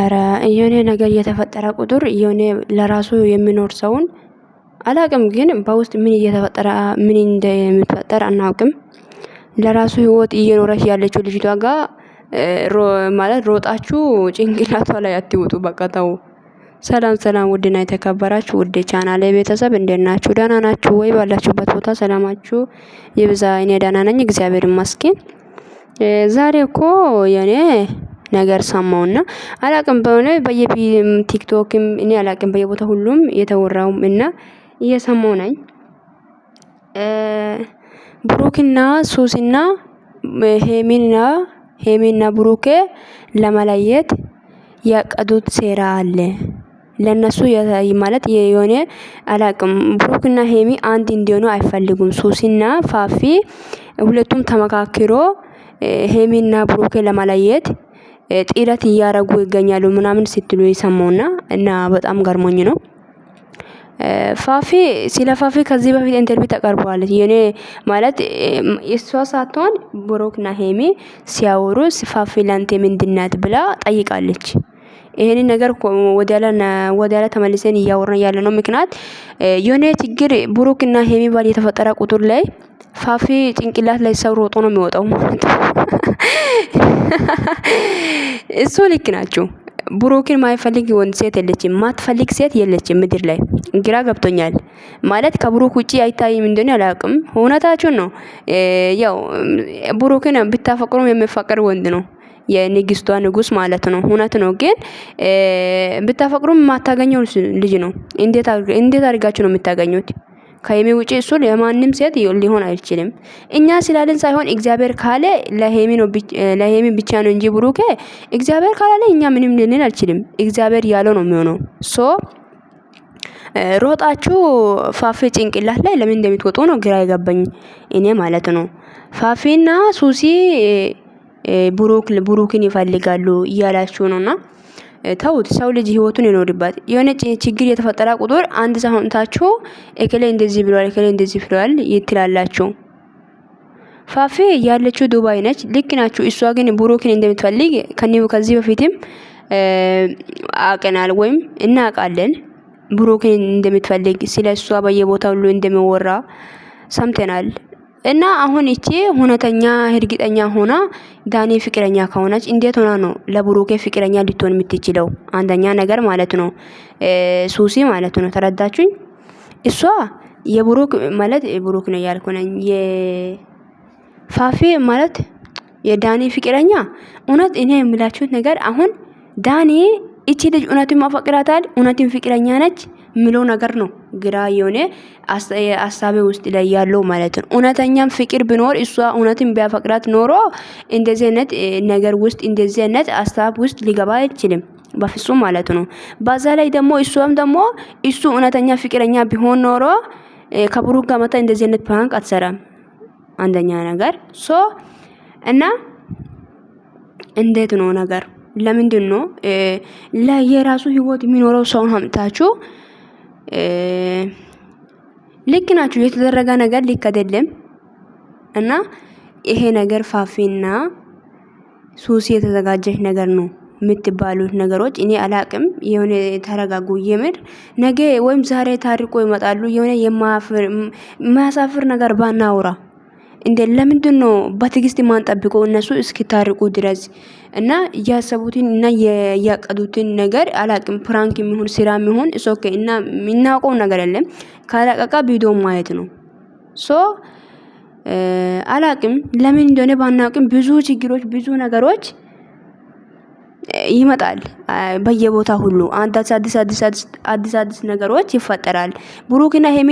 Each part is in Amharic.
አረ የሆነ ነገር እየተፈጠረ ቁጥር የሆነ ለራሱ የሚኖር ሰውን አላቅም፣ ግን በውስጥ ምን እየተፈጠረ ምን እንደምትፈጠር አናውቅም። ለራሱ ህይወት እየኖረች ያለችው ልጅቷ ጋር ማለት ሮጣችሁ ጭንቅላቷ ላይ አትውጡ። በቃ ተው። ሰላም ሰላም፣ ውድና የተከበራችሁ ውድ ቻናል ቤተሰብ እንዴት ናችሁ? ደህና ናችሁ ወይ? ባላችሁበት ቦታ ሰላማችሁ ይብዛ። እኔ ደህና ነኝ፣ እግዚአብሔር ይመስገን። ዛሬ እኮ የኔ ነገር ሰማውና አላቅም በሆነ በየቢ ቲክቶክም እኔ አላቅም በየቦታ ሁሉም የተወራውም እና እየሰማው ነኝ። ብሩክና ሱስና ሄሚና ሄሚና ብሩኬ ለመለየት ያቀዱት ሴራ አለ። ለነሱ ማለት የሆነ አላቅም ብሩክና ሄሚ አንድ እንዲሆኑ አይፈልጉም። ሱሲና ፋፊ ሁለቱም ተመካክሮ ሄሚና ብሩኬ ለመለየት ጥረት እያረጉ ይገኛሉ ምናምን ስትሉ የሰማውና እና በጣም ገርሞኝ ነው። ፋፌ ስለ ፋፌ ከዚህ በፊት ኢንተርቪው ተቀርበዋለች። የኔ ማለት እሷ ሳትሆን ብሩክና ሄሜ ሲያወሩ ፋፌ ላንተ ምንድናት ብላ ጠይቃለች። ይሄንን ነገር ወዲያላ ተመልሰን እያወራን ያለ ነው። ምክንያት የሆነ ችግር ብሩክና ሄሚ ባል የተፈጠረ ቁጥር ላይ ፋፊ ጭንቅላት ላይ ሰው ሮጦ ነው የሚወጣው። እሱ ልክ ናችሁ። ብሩክን ማይፈልግ ወንድ ሴት የለችም፣ ማትፈልግ ሴት የለችም ምድር ላይ። ግራ ገብቶኛል ማለት ከብሩክ ውጪ አይታይም እንደሆነ አላቅም። እውነታችሁን ነው። ያው ብሩክን ብታፈቅሩም የሚፈቅር ወንድ ነው። የንግስቷ ንጉስ ማለት ነው። እውነት ነው። ግን ብታፈቅሩም የማታገኘው ልጅ ነው። እንዴት አድርጋችሁ ነው የምታገኙት? ከሄሜ ውጪ እሱ ለማንም ሴት ሊሆን አይችልም። እኛ ስላልን ሳይሆን እግዚአብሔር ካለ ለሄሚ ብቻ ነው እንጂ ብሩኬ እግዚአብሔር ካላለ እኛ ምንም ልንል አልችልም። እግዚአብሔር ያለው ነው የሚሆነው። ሶ ሮጣችሁ ፋፌ ጭንቅላት ላይ ለምን እንደምትወጡ ነው ግራ የገባኝ እኔ ማለት ነው። ፋፌና ሱሲ ብሩክ ብሩክን ይፈልጋሉ እያላችሁ ነውና ተውት። ሰው ልጅ ህይወቱን ይኖርበት። የሆነ ችግር የተፈጠረ ቁጥር አንድ ሳሁንታችሁ እከሌ እንደዚህ ብሏል፣ እከሌ እንደዚህ ብሏል ይትላላችሁ። ፋፌ ያለችው ዱባይ ነች። ልክ ናችሁ። እሷ ግን ብሩክን እንደምትፈልግ ከዚህ በፊትም አቀናል ወይም እናውቃለን። ብሩክን እንደምትፈልግ ስለ እሷ በየቦታው ሁሉ እንደሚወራ ሰምተናል። እና አሁን እቺ ሁነተኛ እርግጠኛ ሆና ዳኒ ፍቅረኛ ከሆነች እንዴት ሆና ነው ለብሩኬ ፍቅረኛ ልትሆን የምትችለው? አንደኛ ነገር ማለት ነው ሱሲ ማለት ነው ተረዳችሁኝ። እሷ የብሩክ ማለት ብሩክ ነው ያልኩ ነኝ የፋፌ ማለት የዳኒ ፍቅረኛ እውነት እኔ የምላችሁት ነገር አሁን ዳኒ እቺ ልጅ እውነትን ማፈቅራታል እውነትን ፍቅረኛ ነች የምለው ነገር ነው። ግራ የሆነ አሳቤ ውስጥ ላይ ያለው ማለት ነው። እውነተኛም ፍቅር ቢኖር እሷ እውነትን ቢያፈቅራት ኖሮ እንደዚህ አይነት ነገር ውስጥ እንደዚህ አይነት አሳብ ውስጥ ሊገባ አይችልም በፍጹም ማለት ነው። በዛ ላይ ደግሞ እሷም ደግሞ እሱ እውነተኛ ፍቅረኛ ቢሆን ኖሮ ከብሩክ ጋር መታ እንደዚህ አይነት ፕራንክ አትሰራም። አንደኛ ነገር ሶ እና እንዴት ነው ነገር ለምንድን ነው ለየራሱ ህይወት የሚኖረው ሰውን አምጥታችሁ ልክ ናችሁ። የተደረገ ነገር ልክ አይደለም እና ይሄ ነገር ፋፊና ሱሲ የተዘጋጀች ነገር ነው የምትባሉት ነገሮች እኔ አላቅም። የሆነ ተረጋጉ። የምር ነገ ወይም ዛሬ ታሪቆ ይመጣሉ። የሆነ የማያሳፍር ነገር ባናውራ እንዴ ለምንድን ነው ማን ጠብቆ እነሱ እስኪታርቁ ድረስ እና እያሰቡትን እና ያቀዱትን ነገር አላቅም። ፕራንክ የሚሆን ስራ የሚሆን እስኦኬ እና የሚናውቀው ነገር የለም ካላቀቃ ቪዲዮ ማየት ነው። ሶ አላቅም ለምን እንደሆነ ባናውቅም ብዙ ችግሮች ብዙ ነገሮች ይመጣል በየቦታ ሁሉ አዳዲስ አዲስ አዲስ ነገሮች ይፈጠራል። ብሩክና ሄሜ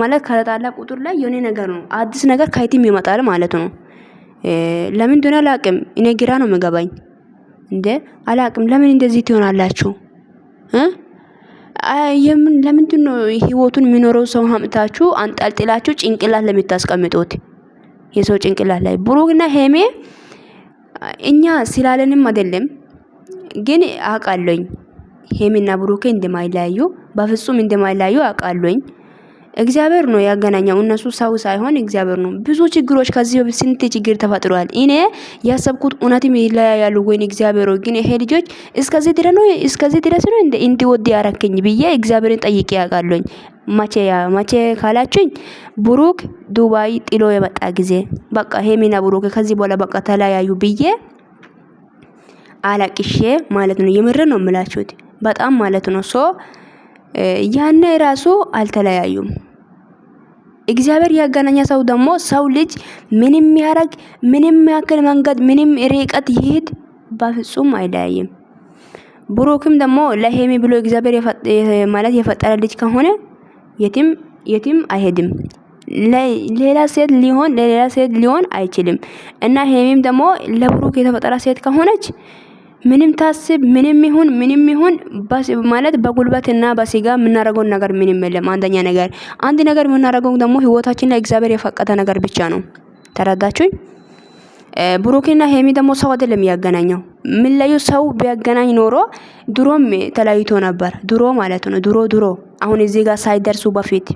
ማለት ከተጣላ ቁጥር ላይ የሆነ ነገር ነው አዲስ ነገር ከየትም ይመጣል ማለት ነው። ለምን እንደሆነ አላቅም። እኔ ግራ ነው የምገባኝ። እንደ አላቅም ለምን እንደዚህ ትሆናላችሁ? የምን ለምንድን ነው ህይወቱን የሚኖረው ሰው ሀምታችሁ አንጠልጥላችሁ ጭንቅላት ለምታስቀምጡት የሰው ጭንቅላት ላይ ብሩክና ሄሜ እኛ ስላለንም አይደለም ግን አውቃለኝ ሄሚና ብሩኬ እንደማይለያዩ በፍጹም እንደማይለያዩ አውቃለኝ። እግዚአብሔር ነው ያገናኛው እነሱ ሰው ሳይሆን እግዚአብሔር ነው። ብዙ ችግሮች ከዚህ በፊት ስንት ችግር ተፈጥሯል። እኔ ያሰብኩት እውነትም ይለያያሉ ወይን እግዚአብሔር ግን ይሄ ልጆች እስከዚህ ድረስ ነው እስከዚህ ድረስ ነው እንደ እንዲወድ ያረከኝ ብዬ እግዚአብሔርን ጠይቄ ያውቃለኝ። መቼ ያ መቼ ካላችሁኝ ብሩክ ዱባይ ጥሎ የመጣ ጊዜ በቃ ሄሚና ብሩክ ከዚህ በኋላ በቃ ተለያዩ ብዬ አላቅሼ ማለት ነው። የምር ነው የምላችሁት በጣም ማለት ነው። ሶ ያነ ራሱ አልተለያዩም። እግዚአብሔር ያገናኛ ሰው ደግሞ ሰው ልጅ ምንም ያረግ ምንም ያክል መንገድ ምንም ርቀት ይሄድ በፍጹም አይለያይም። ብሩክም ደግሞ ለሄሚ ብሎ እግዚአብሔር ማለት የፈጠረ ልጅ ከሆነ የትም የትም አይሄድም። ሌላ ሴት ሊሆን ለሌላ ሴት ሊሆን አይችልም እና ሄሚም ደግሞ ለብሩክ የተፈጠረ ሴት ከሆነች ምንም ታስብ ምንም ይሁን ምንም ይሁን ማለት በጉልበትና በስጋ የምናደርገው ነገር ምንም የለም። አንደኛ ነገር አንድ ነገር የምናደርገው ደግሞ ህይወታችንና እግዚአብሔር የፈቀደ ነገር ብቻ ነው። ተረዳችሁኝ? ብሩክና ሄሚ ደግሞ ሰው አይደለም ያገናኘው። ምን ሰው ቢያገናኝ ኖሮ ድሮም ተለያይቶ ነበር። ድሮ ማለት ነው ድሮ ድሮ፣ አሁን እዚህ ጋር ሳይደርሱ በፊት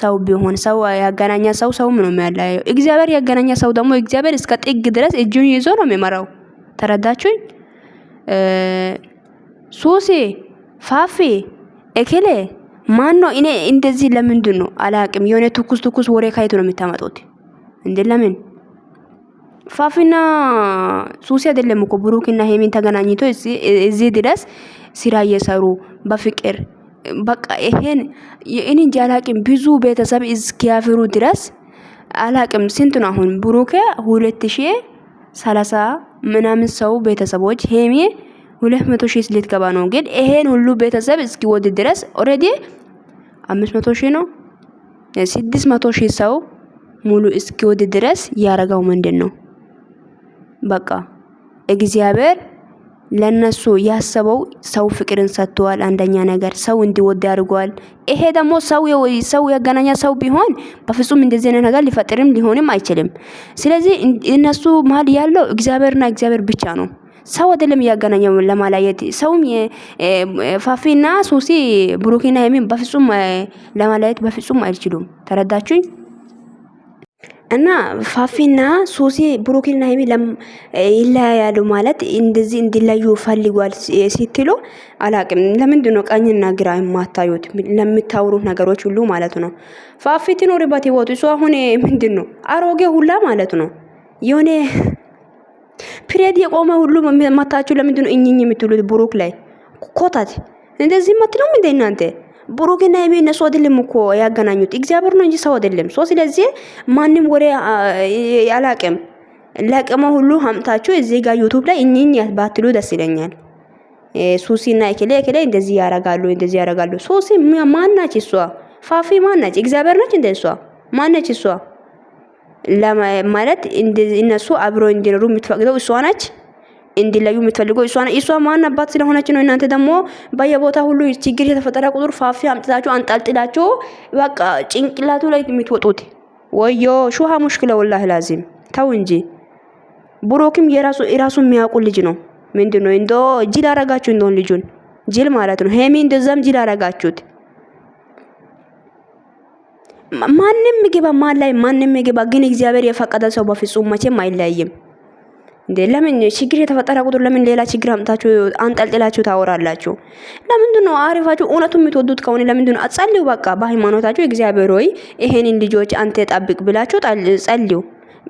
ሰው ቢሆን ሰው ያገናኛ ሰው ሰው ነው የሚያለያየው። እግዚአብሔር ያገናኛ ሰው ደግሞ እግዚአብሔር እስከ ጥግ ድረስ እጁን ይዞ ነው የሚመራው። ተረዳችሁኝ? ሶሴ ፋፌ እክሌ ማን ነው? እኔ እንደዚህ ለምንድን ነው አላቅም። የሆነ ትኩስ ትኩስ ወሬ ካይቶ ነው የምታመጡት እንዴ? ለምን ፋፊና ሱሲ አይደለም እኮ ብሩክና ሄሚን ተገናኝቶ እዚህ ድረስ ስራ እየሰሩ በፍቅር በቃ ይሄን የእኔ እንጂ አላቅም። ብዙ ቤተሰብ እስኪያፍሩ ድረስ አላቅም። ስንት ነው አሁን ብሩክ ሁለት ሺህ ሰላሳ ምናምን ሰው ቤተሰቦች ሄሜ ሁለት መቶ ሺህ ልትገባ ነው። ግን ይሄን ሁሉ ቤተሰብ ወድ ድረስ ኦልሬዲ አምስት መቶ ሺህ ነው ስድስት መቶ ሺህ ሰው ሙሉ እስኪ ወድ ድረስ ያረጋው ምንድን ነው? በቃ እግዚአብሔር ለነሱ ያሰበው ሰው ፍቅርን ሰጥቷል። አንደኛ ነገር ሰው እንዲወድ አድርጓል። ይሄ ደግሞ ሰው ሰው ያገናኛ ሰው ቢሆን በፍጹም እንደዚህ አይነት ነገር ሊፈጥርም ሊሆንም አይችልም። ስለዚህ እነሱ መሀል ያለው እግዚአብሔርና እግዚአብሔር ብቻ ነው። ሰው አይደለም ያገናኘው ለማላየት ሰውም ፋፊና ሱሲ ብሩኪና የሚን በፍጹም ለማላየት በፍጹም አይችሉም። ተረዳችሁኝ? እና ፋፊና ሶሲ ብሩክና ሀይሚ ይለያያሉ ማለት እንደዚህ እንዲለዩ ፈልጓል ሲትሉ አላቅም። ለምንድን ነው ቀኝና ግራ የማታዩት? ለምታውሩ ነገሮች ሁሉ ማለት ነው። ፋፊ ትኖርበት ይወጡ እሱ አሁን ምንድን ነው አሮጌ ሁላ ማለት ነው። የሆነ ፕሬድ የቆመ ሁሉ መታችሁ። ለምንድን ነው እኝኝ የምትሉት? ብሩክ ላይ ኮታት እንደዚህ መትነው እንደ እናንተ ብሩክና ሀይሚ እነሱ አይደለም እኮ ያገናኙት እግዚአብሔር ነው እንጂ ሰው አይደለም። ሶ ስለዚህ ማንም ወሬ ያላቅም ለቅመ ሁሉ ሀምታችሁ እዚህ ጋር ዩቱብ ላይ እኝኝ ባትሉ ደስ ይለኛል። ሱሲ እና እክሌ እክሌ እንደዚህ ያረጋሉ እንደዚህ ያረጋሉ። ሶሲ ማናች? እሷ ፋፊ ማናች? እግዚአብሔር ነች እንደ እሷ ማነች? እሷ ማለት እነሱ አብሮ እንዲኖሩ የምትፈቅደው እሷ ነች። እንዲለዩ የምትፈልገው እሷ እሷ ማን አባት ስለሆነች ነው። እናንተ ደግሞ በየቦታ ሁሉ ችግር የተፈጠረ ቁጥር ፋፊ አምጥታችሁ አንጠልጥላችሁ በቃ ጭንቅላቱ ላይ የምትወጡት ወዮ ሹሃ ሙሽክለ ወላህ ላዚም ተው እንጂ። ብሩክም የራሱ የራሱ የሚያውቁ ልጅ ነው። ምንድን ነው እንዶ ጅል አረጋችሁ እንደሆን ልጁን ጅል ማለት ነው። ሄሚ እንደዛም ጅል አረጋችሁት። ማንም ምግባ ማን ላይ ማንም ምግባ ግን እግዚአብሔር የፈቀደ ሰው በፍጹም መቼም አይለያይም። እንዴ ለምን ችግር የተፈጠረ ቁጥር ለምን ሌላ ችግር አምታችሁ አንጠልጥላችሁ ታወራላችሁ? ለምንድን ነው አሪፋችሁ እውነቱን የምትወዱት ከሆነ ለምንድን ነው አጸልዩ። በቃ በሃይማኖታችሁ እግዚአብሔር ሆይ ይሄንን ልጆች አንተ ጠብቅ ብላችሁ ጸልዩ።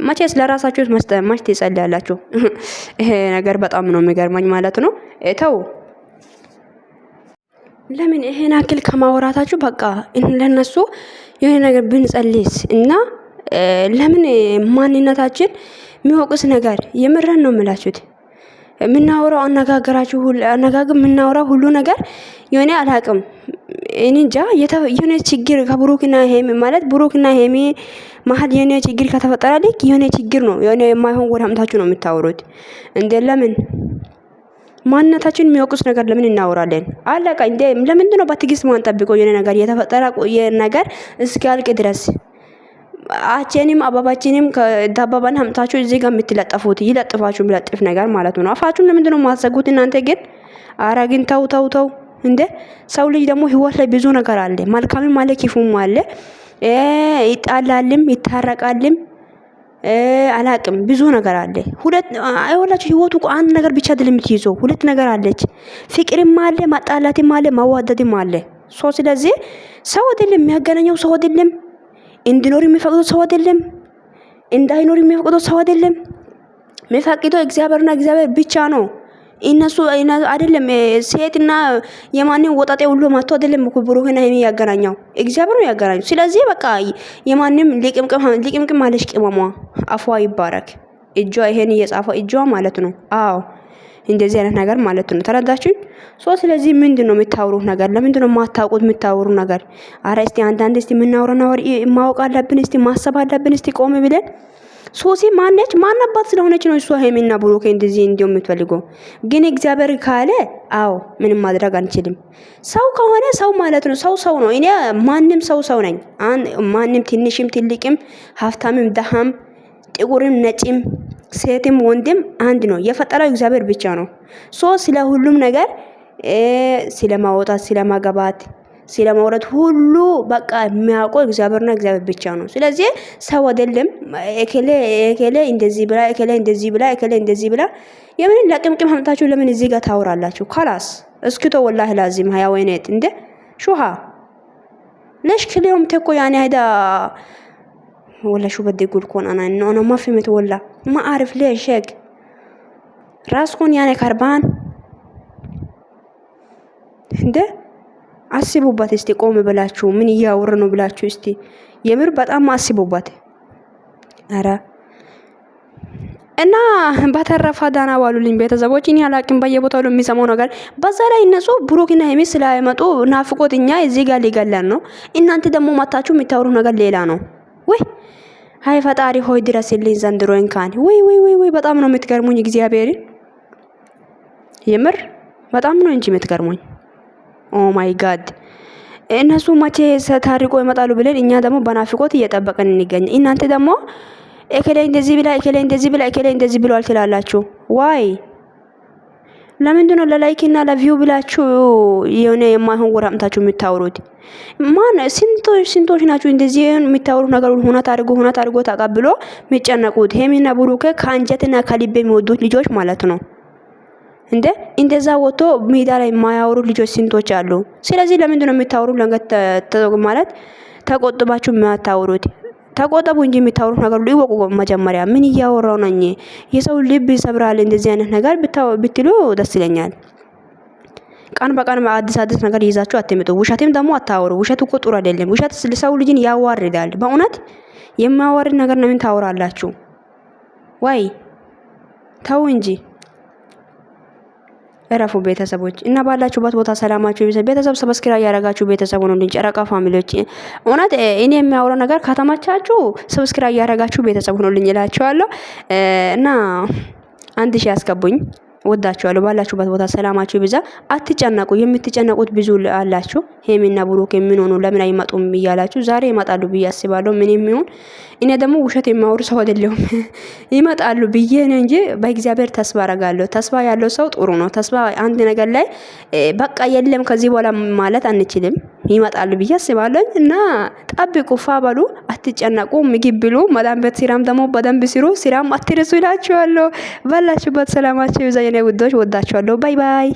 መቼስ ለራሳችሁ መች ትጸልያላችሁ? ይሄ ነገር በጣም ነው የሚገርመኝ ማለት ነው። ተው ለምን ይሄን አክል ከማወራታችሁ በቃ ለነሱ የሆነ ነገር ብንጸልይስ እና ለምን ማንነታችን የሚወቅስ ነገር የምረን ነው የምላችሁት። የምናወራው አነጋገራችሁ አነጋግር የምናወራው ሁሉ ነገር የሆነ አላቅም እኔ እንጃ የሆነ ችግር ከብሩክና ሄሚ ማለት ብሩክና ሄሚ መሀል የሆነ ችግር ከተፈጠረ ልክ የሆነ ችግር ነው የሆነ የማይሆን ወደ አምታችሁ ነው የምታወሩት እንዴ! ለምን ማንነታችን የሚወቅስ ነገር ለምን እናወራለን? አለቃ እንዴ! ለምንድን ነው በትዕግስት ማንጠብቆ የሆነ ነገር የተፈጠረ ነገር እስኪያልቅ ድረስ አቼንም አባባችንም ከዳባባን ሀምታችሁ እዚህ ጋር የምትለጠፉት ይለጥፋችሁ የሚለጥፍ ነገር ማለት ነው። አፋችሁን ለምንድን ነው ማሰጉት እናንተ ግን? አረ ግን ተው ተው ተው እንዴ! ሰው ልጅ ደግሞ ህይወት ላይ ብዙ ነገር አለ። መልካምም አለ፣ ክፉም አለ። ይጣላልም፣ ይታረቃልም አላቅም ብዙ ነገር አለ። ሁለት አይወላችሁ ህይወቱ አንድ ነገር ብቻ አይደለም የምትይዞ ሁለት ነገር አለች። ፍቅርም አለ፣ ማጣላትም አለ፣ ማዋደድም አለ። ሶ ስለዚህ ሰው አይደለም የሚያገናኘው ሰው አይደለም እንዲኖር የሚፈቅደው ሰው አይደለም፣ እንዳይኖር የሚፈቅደው ሰው አይደለም። የሚፈቅደው እግዚአብሔርና እግዚአብሔር ብቻ ነው። እነሱ አይደለም ሴትና የማንም ወጣጤ ሁሉ ማቶ አይደለም እኮ ብሩህና ሀይሚ ያገናኛው እግዚአብሔር ነው ያገናኘው። ስለዚህ በቃ የማንም ሊቅምቅም አለሽ ቅመሟ አፏ ይባረክ እጇ ይሄን እየጻፈ እጇ ማለት ነው። አዎ እንደዚህ አይነት ነገር ማለት ነው። ተረዳችሁኝ? ሶ ስለዚህ ምንድን ነው የምታወሩት ነገር? ለምንድን ነው የማታውቁት የምታወሩ ነገር? አረ እስቲ አንዳንድ እስቲ የምናወራና ወር ማወቅ አለብን፣ እስቲ ማሰብ አለብን፣ እስቲ ቆም ብለን ሶሲ ማነች ማናባት ስለሆነች ነው እሷ ሄሚና ብሩኬ እንደዚህ እንዲሁ የምትፈልገው። ግን እግዚአብሔር ካለ አዎ ምንም ማድረግ አንችልም። ሰው ከሆነ ሰው ማለት ነው። ሰው ሰው ነው። እኔ ማንም ሰው ሰው ነኝ። ማንም ትንሽም ትልቅም ሀብታምም ደሃም ጥቁርም ነጭም ሴትም ወንድም አንድ ነው። የፈጠረው እግዚአብሔር ብቻ ነው። ሶ ስለ ሁሉም ነገር ስለ ማውጣት፣ ስለ ማገባት፣ ስለ ማውረድ ሁሉ በቃ የሚያውቀው እግዚአብሔርና እግዚአብሔር ብቻ ነው። ስለዚህ ሰው አይደለም እከሌ እከሌ እንደዚህ ብላ እከሌ እንደዚህ ብላ እከሌ እንደዚህ ብላ የምን ለቅምቅም ሀምታችሁ ለምን እዚህ ጋር ታወራላችሁ? ካላስ እስኪቶ ወላሂ ላዚም ሀያ ወይነት እንደ ሹሃ ለሽ ክሊዮም ተኮ ያኔ አይዳ ወላ ሹ ጉልኮን አና ነው አና ማፊ ወላ maariflee sheeg ራስ ኩን ያኔ ከርባን እንደ አስቡበት እስቲ ቆም ብላችሁ ምን እያወረ ነው ብላችሁ እስቲ የምር በጣም አስቡበት። አረ እና በተረፈ ዳና ባሉልኝ ቤተሰቦች እኔ አላቅም በየቦታው የሚሰማው ነገር። በዛ ላይ እነሱ ብሩክና ሄሚ ስላይመጡ ናፍቆት እኛ እዚህ ጋር ሊገለን ነው። እናንተ ደግሞ መታችሁ የሚታወሩ ነገር ሌላ ነው ወይ? አይ ፈጣሪ ሆይ ድረስልኝ ዘንድሮ እንካን። ወይ ወይ ወይ ወይ በጣም ነው የምትገርሙኝ። እግዚአብሔርን የምር በጣም ነው እንጂ የምትገርሙኝ። ኦ ማይ ጋድ እነሱ መቼ ታሪቆ ይመጣሉ ብለን እኛ ደግሞ በናፍቆት እየጠበቅን እንገኝ። እናንተ ደግሞ እከሌ እንደዚህ ብላ እከሌ እንደዚህ ብላ እከሌ እንደዚህ ብሏል ትላላችሁ ዋይ ለምንድን ነው ለላይክ እና ለቪው ብላችሁ የሆነ የማይሆን ወሬ አምታችሁ የምታወሩት? ማን ስንቶች ስንቶች ናችሁ እንደዚህ የምታወሩ ነገር ሁነት አድርጎ ሁነት አድርጎ ተቀብሎ የሚጨነቁት? ሄሚና ብሩኬ ከአንጀትና ከልብ የሚወዱት ልጆች ማለት ነው። እንደ እንደዛ ወጥቶ ሜዳ ላይ የማያወሩ ልጆች ስንቶች አሉ። ስለዚህ ለምንድን ነው የምታወሩ? ለንገት ማለት ተቆጥባችሁ የማታወሩት ተቆጠቡ እንጂ የምታወሩት ነገር ሁሉ ይወቁ። መጀመሪያ ምን እያወራው ነኝ? የሰው ልብ ይሰብራል። እንደዚህ አይነት ነገር ብትሉ ደስ ይለኛል። ቀን በቀን አዲስ አዲስ ነገር ይዛችሁ አትምጡ። ውሸትም ደግሞ አታወሩ። ውሸት እኮ ጥሩ አይደለም። ውሸት ሰው ልጅን ያዋርዳል። በእውነት የሚያዋርድ ነገር ነው። ምን ታወራላችሁ? ወይ ተው እንጂ እረፉ ቤተሰቦች እና ባላችሁበት ቦታ ሰላማችሁ ይብዛ። ቤተሰብ ሰብስክራ እያረጋችሁ ቤተሰብ ሆኖ እንድን ጨረቃ ፋሚሊዎች እውነት እኔ የሚያወራው ነገር ከተማቻችሁ ሰብስክራ እያረጋችሁ ቤተሰብ ሆኖልኝ እላችኋለሁ እና አንድ ሺህ ያስገቡኝ ወዳችኋለሁ። ባላችሁበት ቦታ ሰላማችሁ ይብዛ። አትጨነቁ። የምትጨነቁት ብዙ አላችሁ። ሄሚና ብሩክ ምን ሆኑ ለምን አይመጡም እያላችሁ ዛሬ ይመጣሉ ብዬ አስባለሁ። ምን የሚሆን እኔ ደግሞ ውሸት የማወሩ ሰው አይደለሁም። ይመጣሉ ብዬ ነው እንጂ በእግዚአብሔር ተስፋ አረጋለሁ። ተስፋ ያለው ሰው ጥሩ ነው። ተስፋ አንድ ነገር ላይ በቃ የለም ከዚህ በኋላ ማለት አንችልም። ይመጣሉ ብዬ አስባለሁ እና ጠብቁ። ፋ በሉ፣ አትጨነቁ። ምግብ ብሉ። መዳን ቤት ስራም ደግሞ በደንብ ስሩ። ስራም አትርሱ ይላችኋለሁ። ባላችሁበት ሰላማቸው ይዛ የኔ ውዶች ወዳቸዋለሁ። ባይ ባይ